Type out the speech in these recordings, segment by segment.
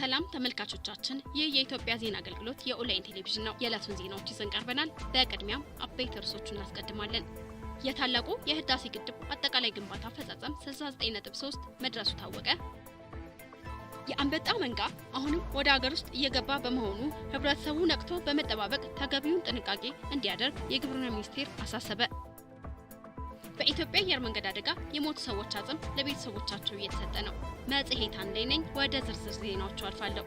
ሰላም ተመልካቾቻችን፣ ይህ የኢትዮጵያ ዜና አገልግሎት የኦንላይን ቴሌቪዥን ነው። የዕለቱን ዜናዎች ይዘን ቀርበናል። በቅድሚያም አበይት እርሶቹ እናስቀድማለን። የታላቁ የህዳሴ ግድብ አጠቃላይ ግንባታ አፈጻጸም 69.3 መድረሱ ታወቀ። የአንበጣ መንጋ አሁንም ወደ አገር ውስጥ እየገባ በመሆኑ ህብረተሰቡ ነቅቶ በመጠባበቅ ተገቢውን ጥንቃቄ እንዲያደርግ የግብርና ሚኒስቴር አሳሰበ። በኢትዮጵያ አየር መንገድ አደጋ የሞቱ ሰዎች አጽም ለቤተሰቦቻቸው እየተሰጠ ነው። መጽሔት አንዴ ነኝ። ወደ ዝርዝር ዜናዎቹ አልፋለሁ።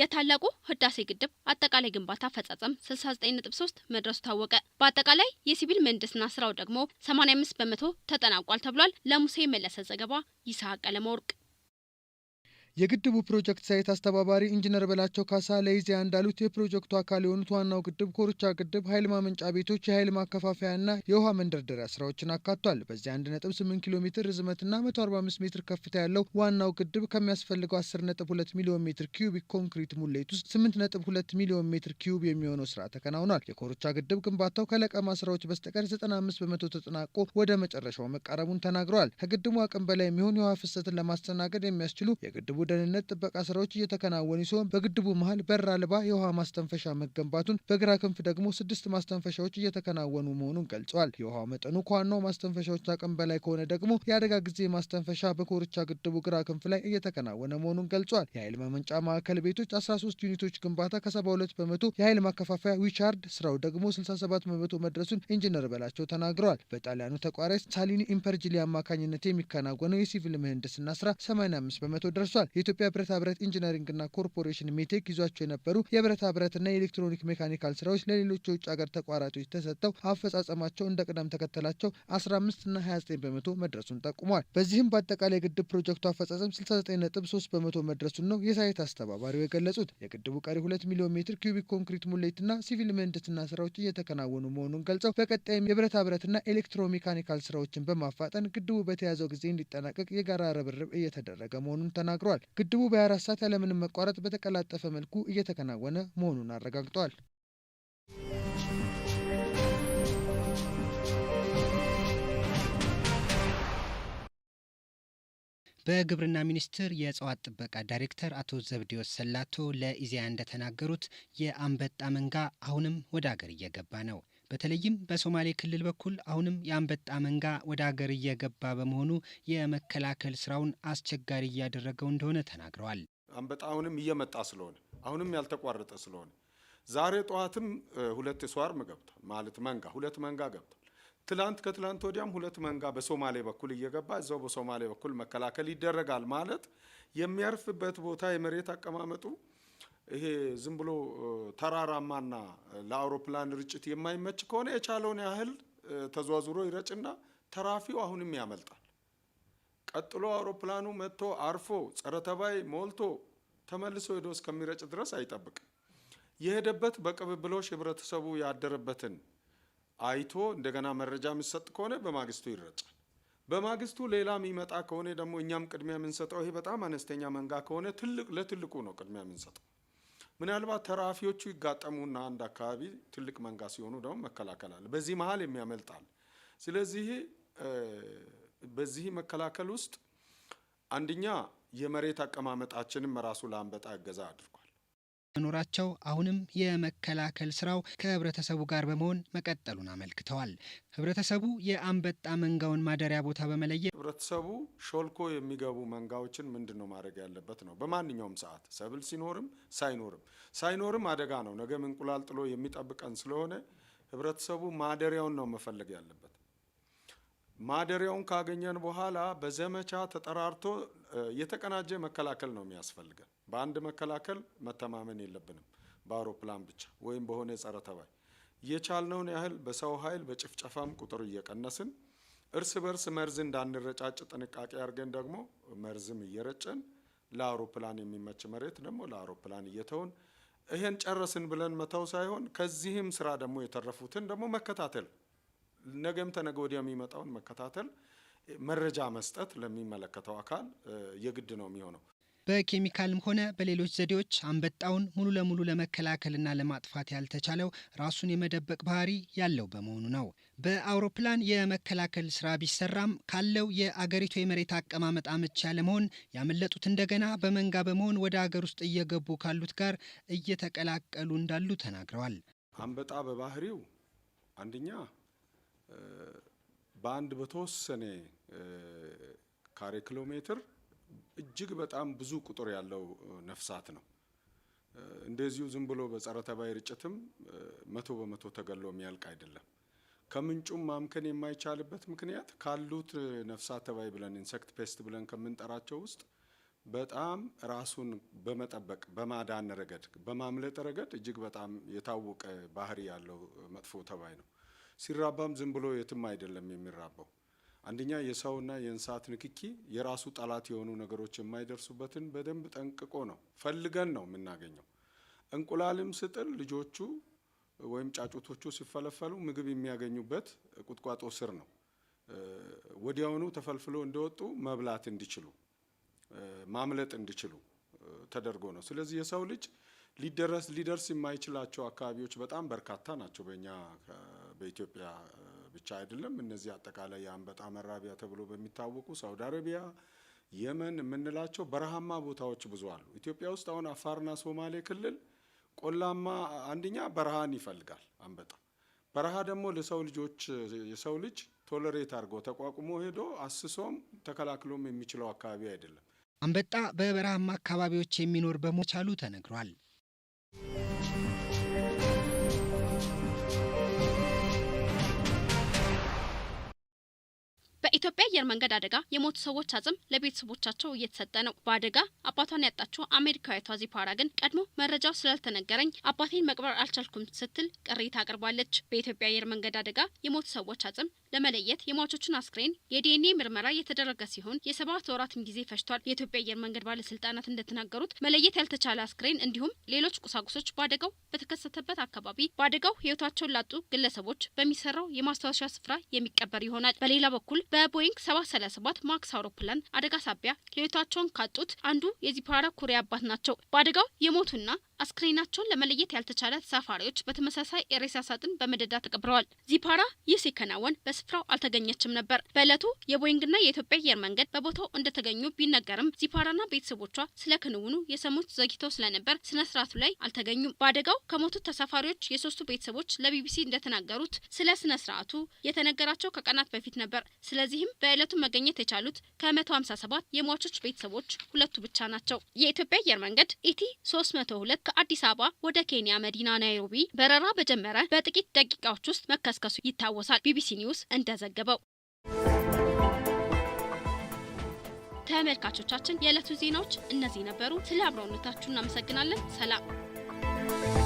የታላቁ ህዳሴ ግድብ አጠቃላይ ግንባታ አፈጻጸም 69.3 መድረሱ ታወቀ። በአጠቃላይ የሲቪል ምህንድስና ስራው ደግሞ 85 በመቶ ተጠናቋል ተብሏል። ለሙሴ መለሰ ዘገባ ይስሐቅ ቀለመወርቅ የግድቡ ፕሮጀክት ሳይት አስተባባሪ ኢንጂነር በላቸው ካሳ ለኢዜአ እንዳሉት የፕሮጀክቱ አካል የሆኑት ዋናው ግድብ፣ ኮርቻ ግድብ፣ ኃይል ማመንጫ ቤቶች፣ የኃይል ማከፋፈያና የውሃ መንደርደሪያ ስራዎችን አካቷል። በዚህ 1.8 ኪሎ ሜትር ርዝመትና 145 ሜትር ከፍታ ያለው ዋናው ግድብ ከሚያስፈልገው 10.2 ሚሊዮን ሜትር ኪዩቢክ ኮንክሪት ሙሌት ውስጥ 8.2 ሚሊዮን ሜትር ኪዩብ የሚሆነው ስራ ተከናውኗል። የኮርቻ ግድብ ግንባታው ከለቀማ ስራዎች በስተቀር 95 በመቶ ተጠናቆ ወደ መጨረሻው መቃረቡን ተናግረዋል። ከግድቡ አቅም በላይ የሚሆን የውሃ ፍሰትን ለማስተናገድ የሚያስችሉ የግድቡ ደህንነት ጥበቃ ስራዎች እየተከናወኑ ሲሆን በግድቡ መሀል በር አልባ የውሃ ማስተንፈሻ መገንባቱን፣ በግራ ክንፍ ደግሞ ስድስት ማስተንፈሻዎች እየተከናወኑ መሆኑን ገልጸዋል። የውሃ መጠኑ ከዋናው ማስተንፈሻዎች አቅም በላይ ከሆነ ደግሞ የአደጋ ጊዜ ማስተንፈሻ በኮርቻ ግድቡ ግራ ክንፍ ላይ እየተከናወነ መሆኑን ገልጿል። የኃይል ማመንጫ ማዕከል ቤቶች 13 ዩኒቶች ግንባታ ከ72 በመቶ የኃይል ማከፋፈያ ዊቻርድ ስራው ደግሞ 67 በመቶ መድረሱን ኢንጂነር በላቸው ተናግረዋል። በጣሊያኑ ተቋራጭ ሳሊኒ ኢምፐርጅሊ አማካኝነት የሚከናወነው የሲቪል ምህንድስና ስራ 85 በመቶ ደርሷል። የኢትዮጵያ ብረታ ብረት ኢንጂነሪንግና ኮርፖሬሽን ሜቴክ ይዟቸው የነበሩ የብረታ ብረትና የኤሌክትሮኒክ ሜካኒካል ስራዎች ለሌሎች የውጭ ሀገር ተቋራጮች ተሰጥተው አፈጻጸማቸው እንደ ቅደም ተከተላቸው 15ና 29 በመቶ መድረሱን ጠቁሟል። በዚህም በአጠቃላይ የግድብ ፕሮጀክቱ አፈጻጸም 69.3 በመቶ መድረሱን ነው የሳይት አስተባባሪው የገለጹት። የግድቡ ቀሪ 2 ሚሊዮን ሜትር ኪዩቢክ ኮንክሪት ሙሌትና ሲቪል ምህንድስና ስራዎች እየተከናወኑ መሆኑን ገልጸው በቀጣይም የብረታ ብረትና ኤሌክትሮሜካኒካል ስራዎችን በማፋጠን ግድቡ በተያዘው ጊዜ እንዲጠናቀቅ የጋራ ርብርብ እየተደረገ መሆኑን ተናግሯል። ግድቡ በ24 ሰዓት ያለምንም መቋረጥ በተቀላጠፈ መልኩ እየተከናወነ መሆኑን አረጋግጧል። በግብርና ሚኒስቴር የእጽዋት ጥበቃ ዳይሬክተር አቶ ዘብዴዎስ ሰላቶ ለኢዜአ እንደተናገሩት የአንበጣ መንጋ አሁንም ወደ አገር እየገባ ነው። በተለይም በሶማሌ ክልል በኩል አሁንም የአንበጣ መንጋ ወደ አገር እየገባ በመሆኑ የመከላከል ስራውን አስቸጋሪ እያደረገው እንደሆነ ተናግረዋል። አንበጣ አሁንም እየመጣ ስለሆነ አሁንም ያልተቋረጠ ስለሆነ ዛሬ ጠዋትም ሁለት ስዋርም ገብቷል፣ ማለት መንጋ ሁለት መንጋ ገብቷል። ትላንት ከትላንት ወዲያም ሁለት መንጋ በሶማሌ በኩል እየገባ እዛው በሶማሌ በኩል መከላከል ይደረጋል። ማለት የሚያርፍበት ቦታ የመሬት አቀማመጡ ይሄ ዝም ብሎ ተራራማና ለአውሮፕላን ርጭት የማይመች ከሆነ የቻለውን ያህል ተዟዙሮ ይረጭና ተራፊው አሁንም ያመልጣል። ቀጥሎ አውሮፕላኑ መጥቶ አርፎ ጸረ ተባይ ሞልቶ ተመልሶ ሄዶ እስከሚረጭ ድረስ አይጠብቅም። የሄደበት በቅብብሎሽ ህብረተሰቡ ያደረበትን አይቶ እንደገና መረጃ የሚሰጥ ከሆነ በማግስቱ ይረጫል። በማግስቱ ሌላ የሚመጣ ከሆነ ደግሞ እኛም ቅድሚያ የምንሰጠው ይሄ በጣም አነስተኛ መንጋ ከሆነ ትልቅ ለትልቁ ነው ቅድሚያ የምንሰጠው። ምናልባት ተራፊዎቹ ይጋጠሙና አንድ አካባቢ ትልቅ መንጋ ሲሆኑ ደግሞ መከላከል አለ። በዚህ መሀል የሚያመልጣል። ስለዚህ በዚህ መከላከል ውስጥ አንደኛ የመሬት አቀማመጣችንም ራሱ ለአንበጣ እገዛ አድርጓል። መኖራቸው አሁንም የመከላከል ስራው ከህብረተሰቡ ጋር በመሆን መቀጠሉን አመልክተዋል። ህብረተሰቡ የአንበጣ መንጋውን ማደሪያ ቦታ በመለየት ህብረተሰቡ ሾልኮ የሚገቡ መንጋዎችን ምንድን ነው ማድረግ ያለበት ነው። በማንኛውም ሰዓት ሰብል ሲኖርም ሳይኖርም ሳይኖርም አደጋ ነው። ነገም እንቁላል ጥሎ የሚጠብቀን ስለሆነ ህብረተሰቡ ማደሪያውን ነው መፈለግ ያለበት። ማደሪያውን ካገኘን በኋላ በዘመቻ ተጠራርቶ የተቀናጀ መከላከል ነው የሚያስፈልገን። በአንድ መከላከል መተማመን የለብንም፣ በአውሮፕላን ብቻ ወይም በሆነ የጸረ ተባይ። የቻልነውን ያህል በሰው ኃይል በጭፍጨፋም ቁጥር እየቀነስን እርስ በርስ መርዝ እንዳንረጫጭ ጥንቃቄ አድርገን ደግሞ መርዝም እየረጨን ለአውሮፕላን የሚመች መሬት ደግሞ ለአውሮፕላን እየተውን ይሄን ጨረስን ብለን መተው ሳይሆን ከዚህም ስራ ደግሞ የተረፉትን ደግሞ መከታተል ነገም ተነገ ወዲያ የሚመጣውን መከታተል፣ መረጃ መስጠት ለሚመለከተው አካል የግድ ነው የሚሆነው። በኬሚካልም ሆነ በሌሎች ዘዴዎች አንበጣውን ሙሉ ለሙሉ ለመከላከልና ለማጥፋት ያልተቻለው ራሱን የመደበቅ ባህሪ ያለው በመሆኑ ነው። በአውሮፕላን የመከላከል ስራ ቢሰራም ካለው የአገሪቱ የመሬት አቀማመጥ አመች ያለመሆን ያመለጡት እንደገና በመንጋ በመሆን ወደ አገር ውስጥ እየገቡ ካሉት ጋር እየተቀላቀሉ እንዳሉ ተናግረዋል። አንበጣ በባህሪው አንደኛ በአንድ በተወሰነ ካሬ ኪሎ ሜትር እጅግ በጣም ብዙ ቁጥር ያለው ነፍሳት ነው። እንደዚሁ ዝም ብሎ በጸረ ተባይ ርጭትም መቶ በመቶ ተገሎ የሚያልቅ አይደለም። ከምንጩም ማምከን የማይቻልበት ምክንያት ካሉት ነፍሳት ተባይ ብለን ኢንሴክት ፔስት ብለን ከምንጠራቸው ውስጥ በጣም ራሱን በመጠበቅ በማዳን ረገድ በማምለጥ ረገድ እጅግ በጣም የታወቀ ባህሪ ያለው መጥፎ ተባይ ነው። ሲራባም ዝም ብሎ የትም አይደለም የሚራባው። አንደኛ የሰውና የእንስሳት ንክኪ የራሱ ጠላት የሆኑ ነገሮች የማይደርሱበትን በደንብ ጠንቅቆ ነው ፈልገን ነው የምናገኘው። እንቁላልም ስጥል ልጆቹ ወይም ጫጩቶቹ ሲፈለፈሉ ምግብ የሚያገኙበት ቁጥቋጦ ስር ነው። ወዲያውኑ ተፈልፍሎ እንደወጡ መብላት እንዲችሉ ማምለጥ እንዲችሉ ተደርጎ ነው። ስለዚህ የሰው ልጅ ሊደረስ ሊደርስ የማይችላቸው አካባቢዎች በጣም በርካታ ናቸው በእኛ በኢትዮጵያ ብቻ አይደለም። እነዚህ አጠቃላይ የአንበጣ መራቢያ ተብሎ በሚታወቁ ሳውዲ አረቢያ፣ የመን የምንላቸው በረሃማ ቦታዎች ብዙ አሉ። ኢትዮጵያ ውስጥ አሁን አፋርና ሶማሌ ክልል ቆላማ፣ አንደኛ በረሃን ይፈልጋል አንበጣ። በረሃ ደግሞ ለሰው ልጆች የሰው ልጅ ቶለሬት አድርጎ ተቋቁሞ ሄዶ አስሶም ተከላክሎም የሚችለው አካባቢ አይደለም። አንበጣ በበረሃማ አካባቢዎች የሚኖር በመቻሉ ተነግሯል። በኢትዮጵያ አየር መንገድ አደጋ የሞቱ ሰዎች አጽም ለቤተሰቦቻቸው እየተሰጠ ነው። በአደጋ አባቷን ያጣችው አሜሪካዊቷ ዚፓራ ግን ቀድሞ መረጃው ስላልተነገረኝ አባቴን መቅበር አልቻልኩም ስትል ቅሬታ አቅርባለች። በኢትዮጵያ አየር መንገድ አደጋ የሞቱ ሰዎች አጽም ለመለየት የሟቾቹን አስክሬን የዲኤንኤ ምርመራ የተደረገ ሲሆን የሰባት ወራትም ጊዜ ፈጅቷል። የኢትዮጵያ አየር መንገድ ባለስልጣናት እንደተናገሩት መለየት ያልተቻለ አስክሬን እንዲሁም ሌሎች ቁሳቁሶች በአደጋው በተከሰተበት አካባቢ በአደጋው ህይወታቸውን ላጡ ግለሰቦች በሚሰራው የማስታወሻ ስፍራ የሚቀበር ይሆናል። በሌላ በኩል በቦይንግ 737 ማክስ አውሮፕላን አደጋ ሳቢያ ሕይወታቸውን ካጡት አንዱ የዚህ ፓራ ኩሬ አባት ናቸው። በአደጋው የሞቱና አስክሬናቸውን ለመለየት ያልተቻለ ተሳፋሪዎች በተመሳሳይ የሬሳ ሳጥን በመደዳ ተቀብረዋል። ዚፓራ ይህ ሲከናወን በስፍራው አልተገኘችም ነበር። በዕለቱ የቦይንግና የኢትዮጵያ አየር መንገድ በቦታው እንደተገኙ ቢነገርም ዚፓራና ቤተሰቦቿ ስለ ክንውኑ የሰሙት ዘግይተው ስለነበር ስነ ስርዓቱ ላይ አልተገኙም። በአደጋው ከሞቱት ተሳፋሪዎች የሶስቱ ቤተሰቦች ለቢቢሲ እንደተናገሩት ስለ ስነ ስርዓቱ የተነገራቸው ከቀናት በፊት ነበር። ስለዚህም በዕለቱ መገኘት የቻሉት ከመቶ ሀምሳ ሰባት የሟቾች ቤተሰቦች ሁለቱ ብቻ ናቸው። የኢትዮጵያ አየር መንገድ ኢቲ ሁለት ከአዲስ አበባ ወደ ኬንያ መዲና ናይሮቢ በረራ በጀመረ በጥቂት ደቂቃዎች ውስጥ መከስከሱ ይታወሳል። ቢቢሲ ኒውስ እንደዘገበው። ተመልካቾቻችን፣ የዕለቱ ዜናዎች እነዚህ ነበሩ። ስለ አብሮነታችሁ እናመሰግናለን። ሰላም